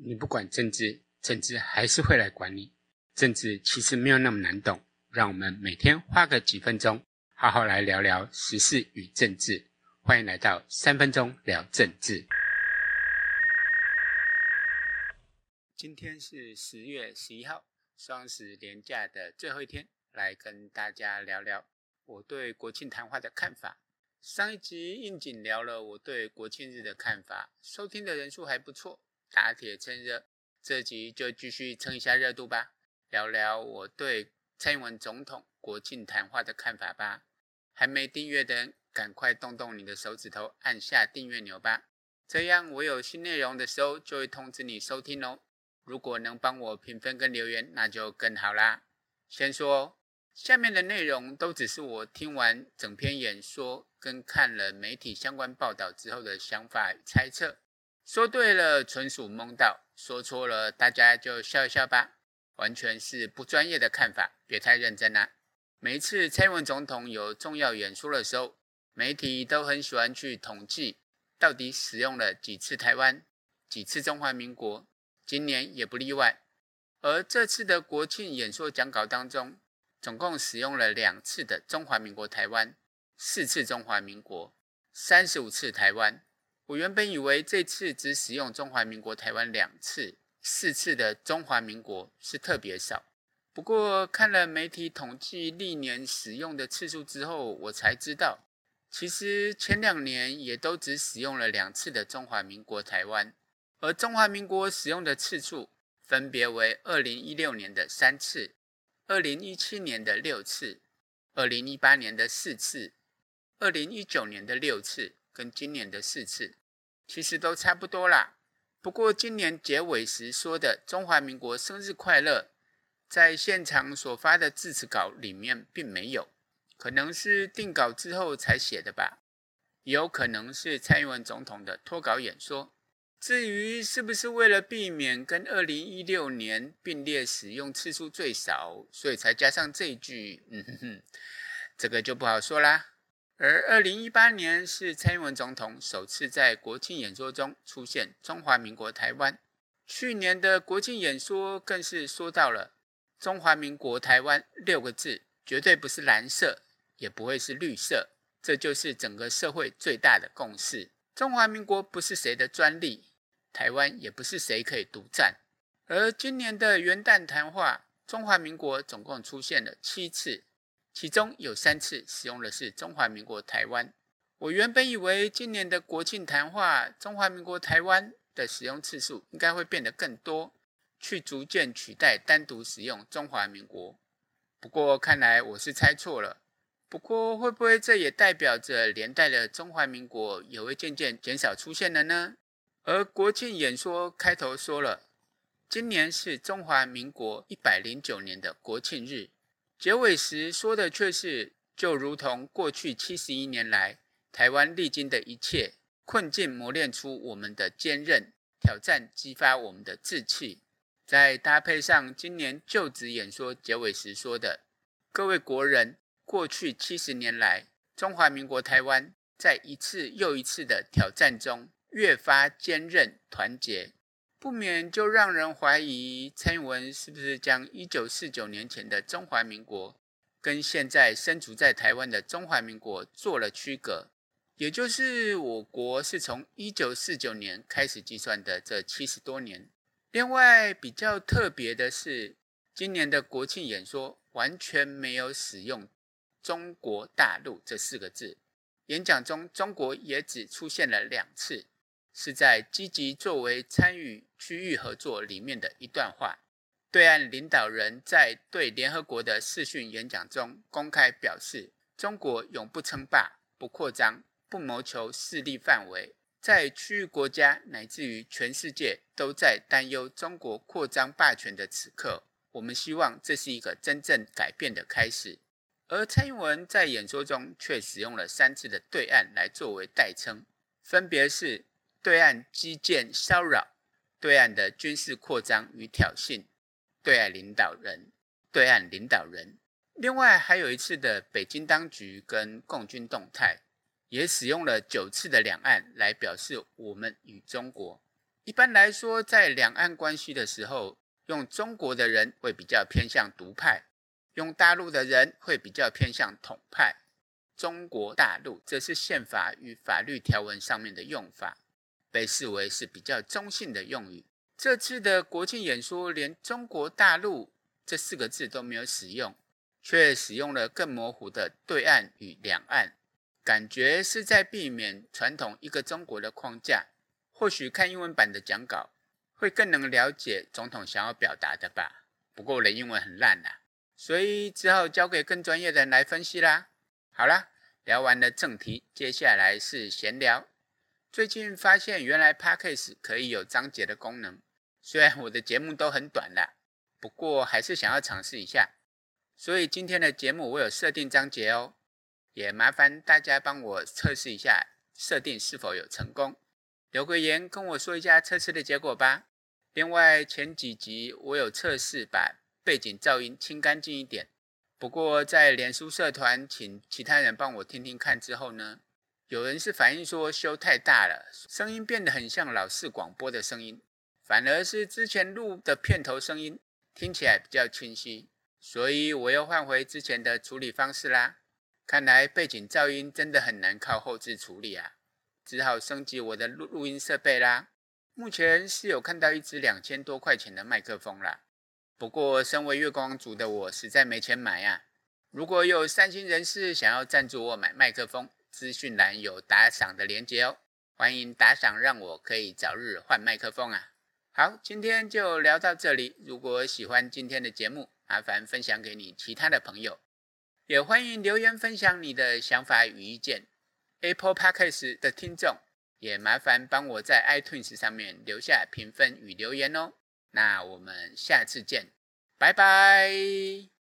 你不管政治，政治還是會來管你。政治其實沒有那麼難懂，讓我們每天花個幾分鐘，好好來聊聊時事與政治。歡迎來到三分鐘聊政治。今天是十月十一號，雙十連假的最後一天，來跟大家聊聊我對國慶談話的看法。上一集應景聊了我對國慶日的看法，收聽的人數還不錯。打鐵趁熱，這集就繼續蹭一下熱度吧，聊聊我對蔡英文總統國慶談話的看法吧。還沒訂閱的人，趕快動動你的手指頭，按下訂閱鈕吧。這樣我有新內容的時候，就會通知你收聽哦。如果能幫我評分跟留言，那就更好啦。先說，下面的內容都只是我聽完整篇演說跟看了媒體相關報道之後的想法與猜測。說對了，純屬矇到；說錯了，大家就笑一笑吧。完全是不專業的看法，別太認真啦、啊、每一次蔡英文總統有重要演說的時候，媒體都很喜歡去統計，到底使用了幾次台灣，幾次中華民國。今年也不例外。而這次的國慶演說講稿當中，總共使用了兩次的中華民國台灣，四次中華民國，三十五次台灣。我原本以為這次只使用中華民國台灣兩次，四次的中華民國是特別少，不過看了媒體統計歷年使用的次數之後，我才知道，其實前兩年也都只使用了兩次的中華民國台灣，而中華民國使用的次數分別為：二零一六年的三次、二零一七年的六次、二零一八年的四次、二零一九年的六次。跟今年的四次其實都差不多啦。不過今年結尾時說的“中華民國生日快樂”在現場所發的致辭稿裡面並沒有，可能是定稿之後才寫的吧。有可能是蔡英文總統的脫稿演說。至於是不是為了避免跟二零一六年並列使用次數最少，所以才加上這句，嗯哼哼，這個就不好說啦。而二零一八年是蔡英文總統首次在國慶演說中出現“中華民國台灣”。去年的國慶演說更是說到了“中華民國台灣”六個字，絕對不是藍色，也不會是綠色，這就是整個社會最大的共識。中華民國不是誰的專利，台灣也不是誰可以獨佔。而今年的元旦談話，“中華民國”總共出現了七次。其中有三次使用的是中華民國台灣。我原本以為今年的國慶談話，中華民國台灣的使用次數應該會變得更多，去逐漸取代單獨使用中華民國。不過看來我是猜錯了。不過會不會這也代表着連帶的中華民國也會漸漸減少出現了呢？而國慶演說開頭說了，今年是中華民國一百零九年的國慶日。結尾時說的卻是，就如同過去七十一年來台灣歷經的一切困境，磨練出我們的堅韌；挑戰激發我們的志氣。再搭配上今年就職演說結尾時說的：“各位國人，過去七十年來，中華民國台灣在一次又一次的挑戰中，越發堅韌團結。”不免就讓人懷疑，蔡英文是不是將一九四九年前的中華民國跟現在身處在台灣的中華民國做了區隔？也就是我國是從一九四九年開始計算的這七十多年。另外比較特別的是，今年的國慶演說完全沒有使用“中國大陸”這四個字，演講中“中國”也只出現了兩次。是在積極作為參與區域合作裡面的一段話。對岸領導人在對聯合國的視訊演講中公開表示：“中國永不稱霸、不擴張、不謀求勢力範圍。”在區域國家乃至於全世界都在擔憂中國擴張霸權的此刻，我們希望這是一個真正改變的開始。而蔡英文在演說中卻使用了三次的“對岸”來作為代稱，分別是。對岸機艦騷擾，對岸的軍事擴張與挑釁，對岸領導人，對岸領導人。另外還有一次的北京當局跟共軍動態，也使用了九次的兩岸來表示我們與中國。一般來說，在兩岸關係的時候，用中國的人會比較偏向獨派，用大陸的人會比較偏向統派。中國大陸這是憲法與法律條文上面的用法。被視為是比較中性的用語。這次的國慶演說連中國大陸這四個字都沒有使用，卻使用了更模糊的“對岸”與“兩岸”，感覺是在避免傳統“一個中國”的框架。或許看英文版的講稿會更能了解總統想要表達的吧。不過我的英文很爛啦啊，所以只好交給更專業的人來分析啦。好啦，聊完了正題，接下來是閒聊。最近發現原來 Podcast 可以有章節的功能。雖然我的節目都很短了，不過還是想要嘗試一下。所以今天的節目我有設定章節哦，也麻煩大家幫我測試一下設定是否有成功。留個言跟我說一下測試的結果吧。另外，前幾集我有測試把背景噪音清乾淨一點，不過在臉書社團請其他人幫我聽聽看之後呢，有人是反映說修太大了，聲音變得很像老式廣播的聲音，反而是之前錄的片頭聲音聽起來比較清晰，所以我又換回之前的處理方式啦。看來背景噪音真的很難靠後置處理啊，只好升級我的錄錄音設備啦。目前是有看到一支兩千多塊錢的麥克風啦，不過身為月光族的我實在沒錢買啊。如果有善心人士想要贊助我買麥克風。資訊欄有打賞的連結哦，歡迎打賞，讓我可以早日換麥克風啊！好，今天就聊到這裡。如果喜歡今天的節目，麻煩分享給你其他的朋友，也歡迎留言分享你的想法與意見。Apple Podcasts 的聽眾也麻煩幫我在 iTunes 上面留下評分與留言哦。那我們下次見，拜拜。